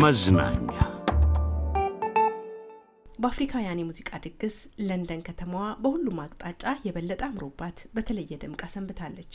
መዝናኛ በአፍሪካውያን የሙዚቃ ድግስ ለንደን ከተማዋ በሁሉም አቅጣጫ የበለጠ አምሮባት በተለየ ደምቃ ሰንብታለች።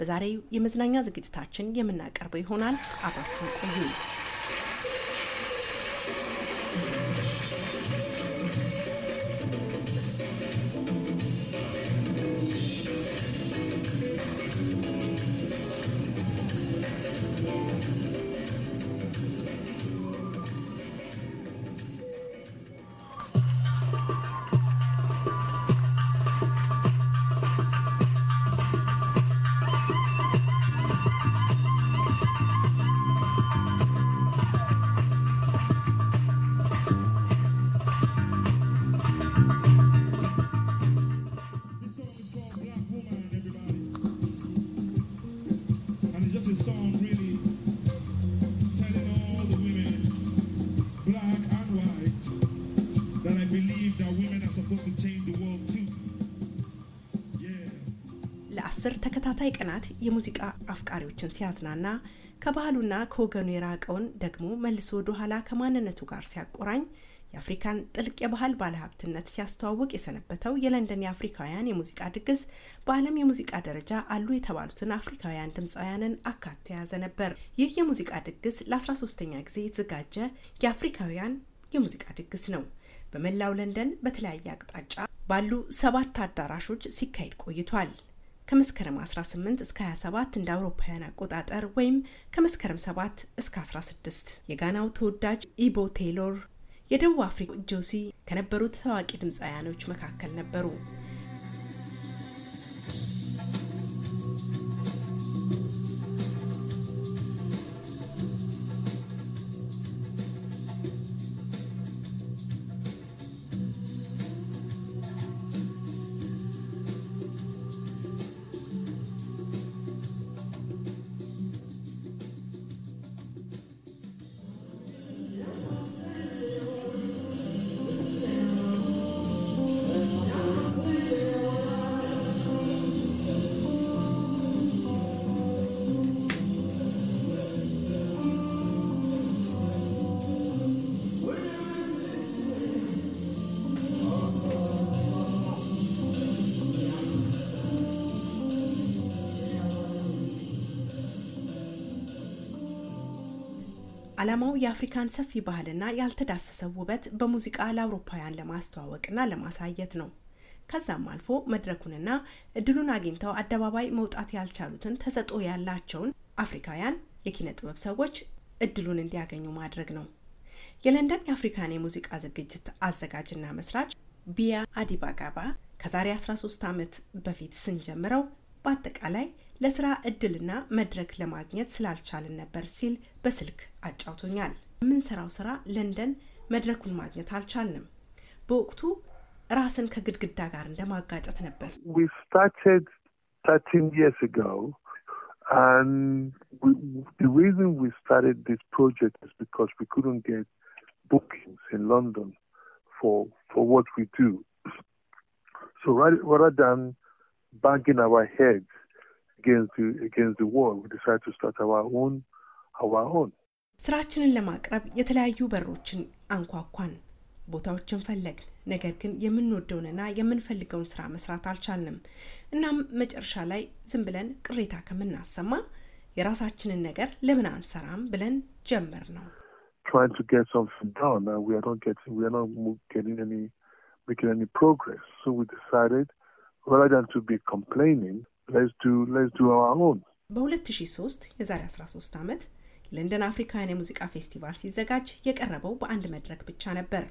በዛሬው የመዝናኛ ዝግጅታችን የምናቀርበው ይሆናል። አብራችሁን ቆዩ። ለአስር ተከታታይ ቀናት የሙዚቃ አፍቃሪዎችን ሲያዝናና ከባህሉና ከወገኑ የራቀውን ደግሞ መልሶ ወደ ኋላ ከማንነቱ ጋር ሲያቆራኝ የአፍሪካን ጥልቅ የባህል ባለሀብትነት ሲያስተዋውቅ የሰነበተው የለንደን የአፍሪካውያን የሙዚቃ ድግስ በዓለም የሙዚቃ ደረጃ አሉ የተባሉትን አፍሪካውያን ድምፃውያንን አካቶ የያዘ ነበር። ይህ የሙዚቃ ድግስ ለ13ኛ ጊዜ የተዘጋጀ የአፍሪካውያን የሙዚቃ ድግስ ነው። በመላው ለንደን በተለያየ አቅጣጫ ባሉ ሰባት አዳራሾች ሲካሄድ ቆይቷል። ከመስከረም 18 እስከ 27 እንደ አውሮፓውያን አቆጣጠር ወይም ከመስከረም 7 እስከ 16። የጋናው ተወዳጅ ኢቦ ቴይሎር የደቡብ አፍሪካ ጆሲ ከነበሩት ታዋቂ ድምፃውያኖች መካከል ነበሩ። ዓላማው የአፍሪካን ሰፊ ባህልና ያልተዳሰሰ ውበት በሙዚቃ ለአውሮፓውያን ለማስተዋወቅና ለማሳየት ነው። ከዛም አልፎ መድረኩንና እድሉን አግኝተው አደባባይ መውጣት ያልቻሉትን ተሰጥኦ ያላቸውን አፍሪካውያን የኪነ ጥበብ ሰዎች እድሉን እንዲያገኙ ማድረግ ነው። የለንደን የአፍሪካን የሙዚቃ ዝግጅት አዘጋጅና መስራች ቢያ አዲባጋባ ከዛሬ 13 ዓመት በፊት ስንጀምረው በአጠቃላይ ለስራ እድልና መድረክ ለማግኘት ስላልቻልን ነበር ሲል በስልክ አጫውቶኛል። የምንሰራው ስራ ለንደን መድረኩን ማግኘት አልቻልንም። በወቅቱ ራስን ከግድግዳ ጋር እንደማጋጨት ነበር። ፕሮጀክት against the, against the war. We decided to start our own, our own. ስራችንን ለማቅረብ የተለያዩ በሮችን አንኳኳን፣ ቦታዎችን ፈለግን። ነገር ግን የምንወደውንና የምንፈልገውን ስራ መስራት አልቻልንም። እናም መጨረሻ ላይ ዝም ብለን ቅሬታ ከምናሰማ የራሳችንን ነገር ለምን አንሰራም ብለን ጀመር ነው። ፕሮግሬስ በ2003 የዛሬ 13 ዓመት ለንደን አፍሪካውያን የሙዚቃ ፌስቲቫል ሲዘጋጅ የቀረበው በአንድ መድረክ ብቻ ነበር።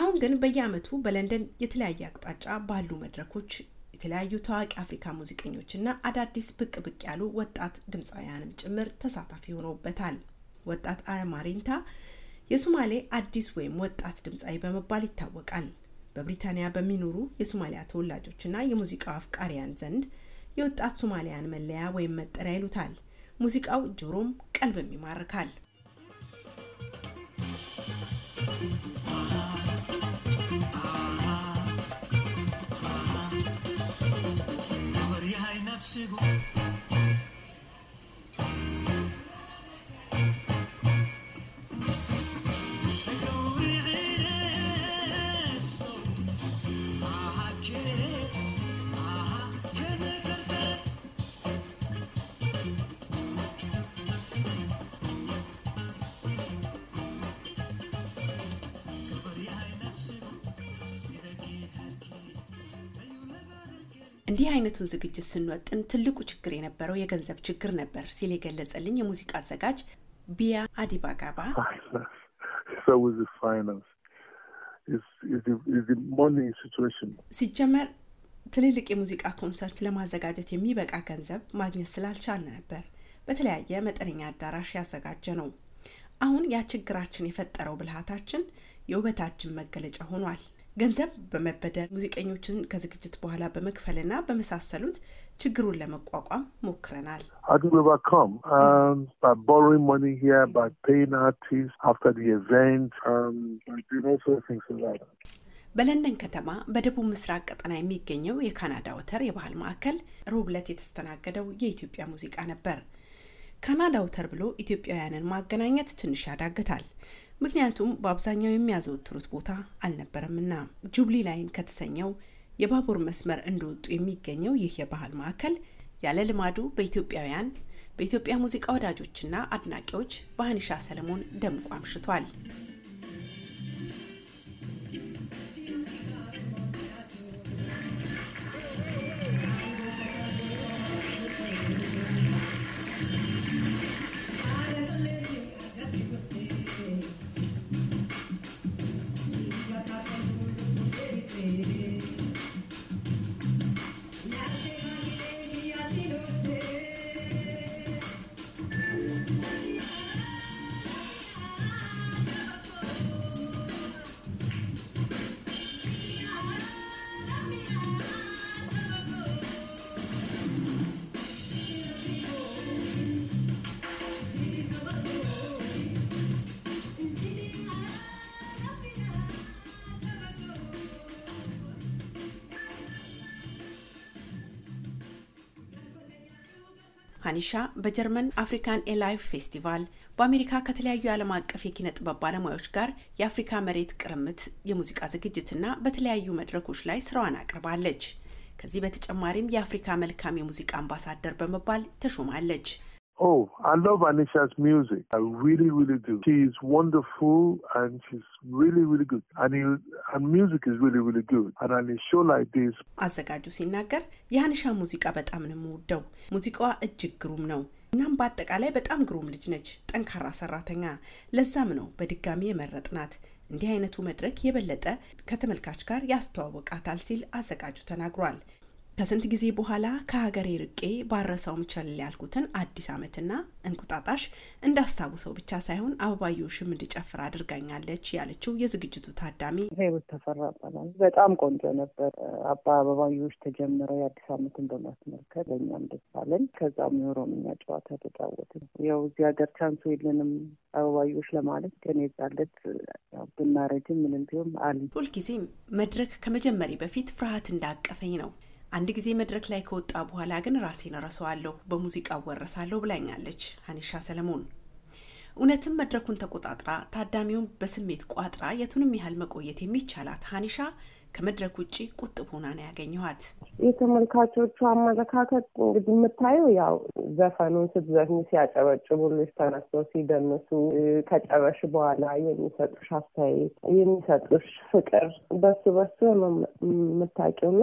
አሁን ግን በየዓመቱ በለንደን የተለያየ አቅጣጫ ባሉ መድረኮች የተለያዩ ታዋቂ አፍሪካ ሙዚቀኞችና አዳዲስ ብቅ ብቅ ያሉ ወጣት ድምፃውያንም ጭምር ተሳታፊ ሆነውበታል። ወጣት አማሪንታ የሱማሌ አዲስ ወይም ወጣት ድምፃዊ በመባል ይታወቃል። በብሪታንያ በሚኖሩ የሶማሊያ ተወላጆችና የሙዚቃው አፍቃሪያን ዘንድ የወጣት ሶማሊያን መለያ ወይም መጠሪያ ይሉታል። ሙዚቃው ጆሮም ቀልብም ይማርካል። Sigur እንዲህ አይነቱን ዝግጅት ስንወጥን ትልቁ ችግር የነበረው የገንዘብ ችግር ነበር ሲል የገለጸልኝ የሙዚቃ አዘጋጅ ቢያ አዲባ ጋባ ሲጀመር ትልልቅ የሙዚቃ ኮንሰርት ለማዘጋጀት የሚበቃ ገንዘብ ማግኘት ስላልቻል ነበር በተለያየ መጠነኛ አዳራሽ ያዘጋጀ ነው። አሁን ያ ችግራችን የፈጠረው ብልሃታችን የውበታችን መገለጫ ሆኗል። ገንዘብ በመበደር ሙዚቀኞችን ከዝግጅት በኋላ በመክፈልና በመሳሰሉት ችግሩን ለመቋቋም ሞክረናል። um, um, በለንደን ከተማ በደቡብ ምስራቅ ቀጠና የሚገኘው የካናዳ ወተር የባህል ማዕከል ሮብ ዕለት የተስተናገደው የኢትዮጵያ ሙዚቃ ነበር። ካናዳ ወተር ብሎ ኢትዮጵያውያንን ማገናኘት ትንሽ ያዳግታል። ምክንያቱም በአብዛኛው የሚያዘወትሩት ቦታ አልነበረምና። ጁብሊ ላይን ከተሰኘው የባቡር መስመር እንደወጡ የሚገኘው ይህ የባህል ማዕከል ያለ ልማዱ በኢትዮጵያውያን በኢትዮጵያ ሙዚቃ ወዳጆችና አድናቂዎች በሀኒሻ ሰለሞን ደምቆ አምሽቷል። ሀኒሻ በጀርመን አፍሪካን ኤላይቭ ፌስቲቫል በአሜሪካ ከተለያዩ የዓለም አቀፍ የኪነ ጥበብ ባለሙያዎች ጋር የአፍሪካ መሬት ቅርምት የሙዚቃ ዝግጅትና በተለያዩ መድረኮች ላይ ስራዋን አቅርባለች። ከዚህ በተጨማሪም የአፍሪካ መልካም የሙዚቃ አምባሳደር በመባል ተሾማለች። Oh, I love Anisha's music. I really, really do. She's wonderful and she's really, really good. And, her music is really, really good. And on a show like this... አዘጋጁ ሲናገር የአንሻ ሙዚቃ በጣም ነው የምወደው። ሙዚቃዋ እጅግ ግሩም ነው። እናም በአጠቃላይ በጣም ግሩም ልጅ ነች። ጠንካራ ሰራተኛ። ለዛም ነው በድጋሚ የመረጥናት። እንዲህ አይነቱ መድረክ የበለጠ ከተመልካች ጋር ያስተዋወቃታል ሲል አዘጋጁ ተናግሯል። ከስንት ጊዜ በኋላ ከሀገሬ ርቄ ባረሰው ቸል ያልኩትን አዲስ ዓመትና እንቁጣጣሽ እንዳስታውሰው ብቻ ሳይሆን አበባየሁሽም እንድጨፍር አድርጋኛለች ያለችው የዝግጅቱ ታዳሚ ህይወት ተፈራ ይባላል። በጣም ቆንጆ ነበር። አባ አበባየሁሽ ተጀመረ የአዲስ ዓመትን በማስመልከት ለእኛም ደስ አለን። ከዛም የኦሮምኛ ጨዋታ ተጫወትን። ያው እዚህ ሀገር ቻንሱ የለንም አበባየሁሽ ለማለት ግን የዛለት ብናረጅም ምንም ቢሆን አል ሁልጊዜም መድረክ ከመጀመሪ በፊት ፍርሃት እንዳቀፈኝ ነው አንድ ጊዜ መድረክ ላይ ከወጣ በኋላ ግን ራሴን ረሰዋለሁ፣ በሙዚቃ ወረሳለሁ ብላኛለች ሀኒሻ ሰለሞን። እውነትም መድረኩን ተቆጣጥራ ታዳሚውን በስሜት ቋጥራ የቱንም ያህል መቆየት የሚቻላት ሀኒሻ ከመድረክ ውጭ ቁጥብ ሆና ነው ያገኘኋት። የተመልካቾቹ አመለካከት እንግዲህ የምታየው ያው ዘፈኑን ስትዘፍኝ ሲያጨበጭቡልሽ፣ ተነስቶ ሲደንሱ፣ ከጨረሽ በኋላ የሚሰጡሽ አስተያየት፣ የሚሰጡሽ ፍቅር በሱ በሱ ነው የምታውቂውና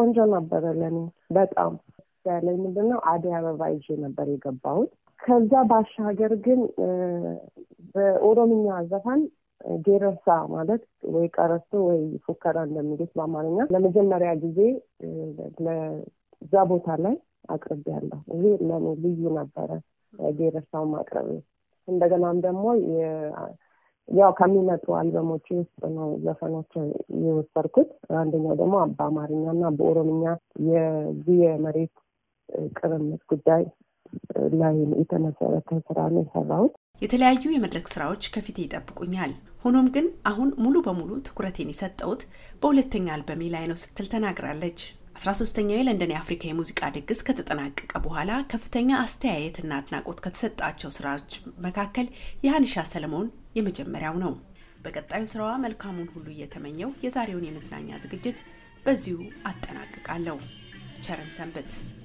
ቆንጆ ነበረ ለኔ በጣም ያለኝ ምንድን ነው አደይ አበባ ይዤ ነበር የገባሁት። ከዛ ባሻገር ግን በኦሮምኛ ዘፈን ጌረሳ ማለት ወይ ቀረሶ ወይ ፉከራ እንደሚሉት በአማርኛ ለመጀመሪያ ጊዜ እዛ ቦታ ላይ አቅርብ ያለሁ። ይሄ ለእኔ ልዩ ነበረ፣ ጌረሳውን ማቅረብ። እንደገናም ደግሞ ያው ከሚመጡ አልበሞች ውስጥ ነው ዘፈኖች የወሰድኩት። አንደኛው ደግሞ በአማርኛ እና በኦሮምኛ የዚህ የመሬት ቅርምት ጉዳይ ላይ የተመሰረተ ስራ ነው የሰራሁት። የተለያዩ የመድረክ ስራዎች ከፊት ይጠብቁኛል። ሆኖም ግን አሁን ሙሉ በሙሉ ትኩረቴን የሰጠሁት በሁለተኛ አልበሜ ላይ ነው ስትል ተናግራለች። 13ኛው የለንደን የአፍሪካ የሙዚቃ ድግስ ከተጠናቀቀ በኋላ ከፍተኛ አስተያየትና አድናቆት ከተሰጣቸው ስራዎች መካከል የሀኒሻ ሰለሞን የመጀመሪያው ነው። በቀጣዩ ስራዋ መልካሙን ሁሉ እየተመኘው የዛሬውን የመዝናኛ ዝግጅት በዚሁ አጠናቅቃለሁ። ቸርን ሰንብት።